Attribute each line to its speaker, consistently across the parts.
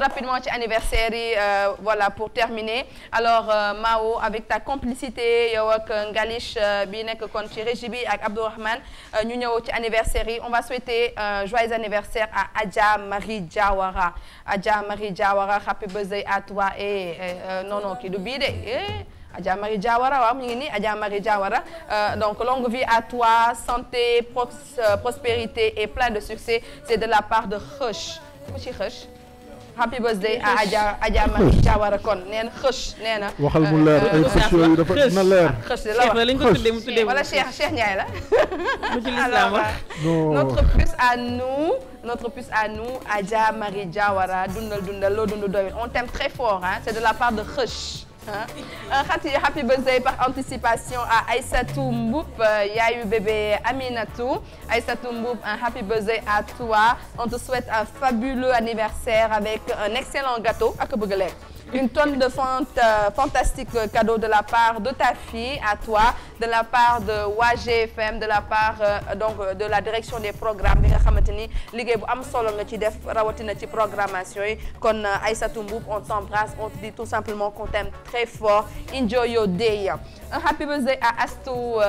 Speaker 1: rapidement ci anniversaire yi euh, voilà pour terminer alors euh, Mao avec ta complicité yow ak euh, Ngalish bi nekk kon bi ak Abdourahmane ñu ñëw ci anniversaire yi on va souhaiter joyeux anniversaire à Adja Marie Diawara Adja Marie à toi et non non du bii de eh, Adja Marie Diawara mu ngi nii Adja Marie Diawara donc longue vie à toi santé prospérité et plein de succès c'est de la part de Kheuch ku ci happy birthday à Adja Adja Mati Diawara kon nee na xës nee na. waxal mu euh, leer euh, ay xës yooyu dafa na leer. xës la wax lañ ko tuddee mu tuddee wala Cheikh Cheikh Ndiaye la. mu ci lislaam wax notre puce à nous. notre puce à nous Adja Marie Diawara dundal dundal loo dund doyul on t'aime très fort ah c'est de la part de xës. ah euh, xati happy birthday par anticipation à Aïssatou Mboup euh, yaayu bébé Aminatou Aïssatou Mboup un happy birthday à toi on te souhaite un fabuleux anniversaire avec un excellent gâteau ak bëgg lekk une tonne de fanta euh, fantastique euh, cadeau de la part de ta fille à toi de la part de WAGFM de la part euh, donc de la direction des programmes bi nga xamante ni liggéey bu am solo nga ci def rawatina ci programmation yi kon Aïssatou Mboup on t'embrasse on te très fort enjoy your un happy birthday à Astou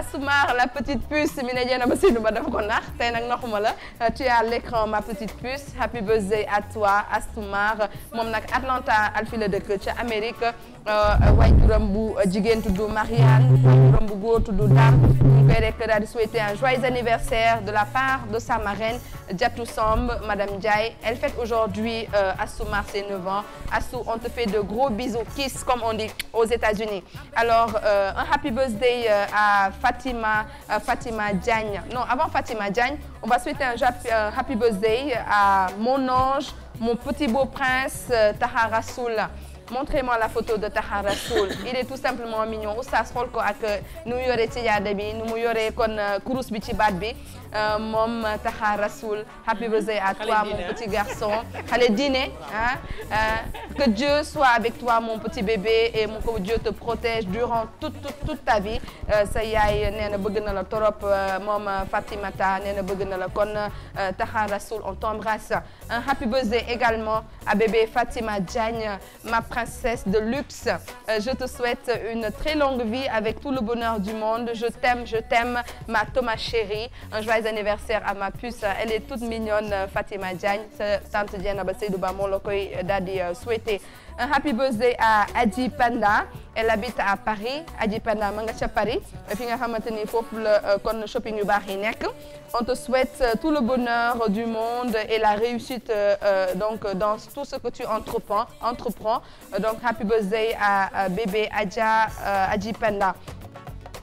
Speaker 1: Assoumar la petite puce mi ne jeena ba sinu ba dafa ko tey nag naxuma la euh, tu as l'écran ma petite puce happy birthday à toi Assoumar moom nag Atlanta alfi la dëkk ca Amérique euh, waajuram bu jigéen tudd Marianne waajuram bu góor tudd Dame ñu koy rek daal un joyeux anniversaire de la part de sa marraine Diatou Samb madame Ndiaye elle fête aujourd'hui euh, Assoumar ses 9 ans Assou on te fait de gros bisous kiss comme on dit aux États-Unis alors Fatima, euh, Fatima Diagne. Non, avant Fatima Diagne, on va souhaiter un euh, happy birthday à mon ange, mon petit beau prince, euh, Tahar Rasoul. montrez-moi la photo de Tahar Rassoul il est tout simplement mignon oustaz xool ko ak euh, nu mu yoree nu mu yoree kon euh, kurus bi ci baat bi euh, moom Tahar Rassoul happy mhm. birthday à toi mon petit garçon xale dîner ah que Dieu soit avec toi mon petit bébé et mon que Dieu te protège durant toute ta vie sa yaay nee na bëgg na la torop moom Fatimata ne na bëgg na la kon Tahar Rassoul également à bébé Fatima Diagne princesse de luxe. Euh, je te souhaite une très longue vie avec tout le bonheur du monde. Je t'aime, je t'aime, ma Thomas chérie. Un joyeux anniversaire à ma puce. Elle est toute mignonne, euh, Fatima Diagne. Sa tante Diana Ba Seydou Ba moo la koy euh, daal di souhaiter. Un happy birthday à Adji Panda. elle habite à Paris Aji Penda ma nga ca Paris fi nga xamante ni foofu la euh, kon shopping yu baax yi nekk on te souhaite euh, tout le bonheur du monde et la réussite euh, euh donc dans tout ce que tu entreprends entreprends donc happy birthday à bébé Adja Aji Penda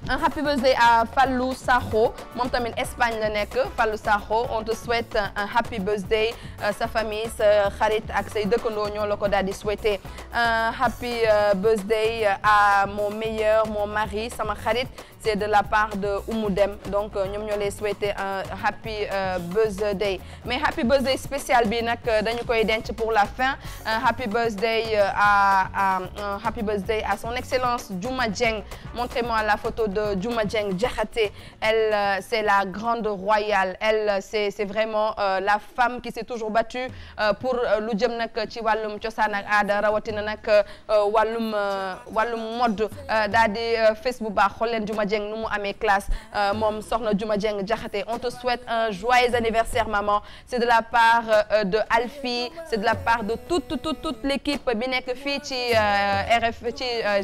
Speaker 1: un happy birthday à Fallou Sakho moom tamit Espagne la nekk Fallou Sakho on te souhaite un happy birthday euh, sa famille sa xarit ak say dëkkandoo ñoo la ko daal di souhaiter un happy euh, birthday à mon meilleur mon mari sama xarit c'est de la part de Oumou Dem donc euh, ñoom ñoo lay souhaiter un happy birthday mais happy birthday spécial bi nag dañu koy denc pour la fin un happy birthday à à un happy birthday à son excellence Diouma Dieng montrez-moi la photo. de Diouma Dieng Diakhaté elle euh, c'est la grande royale elle euh, c'est c'est vraiment euh, la femme qui s'est toujours battue pour lu jëm nag ci wàllum cosaan ak aada rawatina nag wàllum wàllum mode daal di fes bu baax xool leen Diouma Dieng nu mu amee classe moom soxna Diouma Dieng Diakhaté on te souhaite un joyeux anniversaire maman c'est de la part de Alfie c'est de la part de toute toute toute l'équipe bi nekk fii ci RF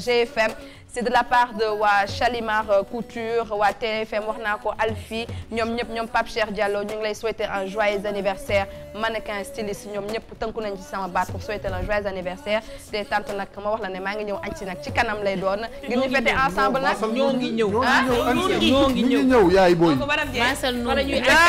Speaker 1: GFM c'est de la part de waa Chalimar Couture waa TFM wax naa ko Alfi ñoom ñëpp ñoom Pape Cheikh Diallo ñu ngi lay souhaiter un joyeux anniversaire mannequin styliste ñoom ñëpp tënku nañ ci sama baat pour souhaiter un joyeux anniversaire te tante nag ma wax la ne maa ngi ñëw añ si nag ci kanam lay doon. ngir ñu fêter ensemble nag ñoo ngi ñëw ñoo ngi ñëw ñoo ngi ñëw yaay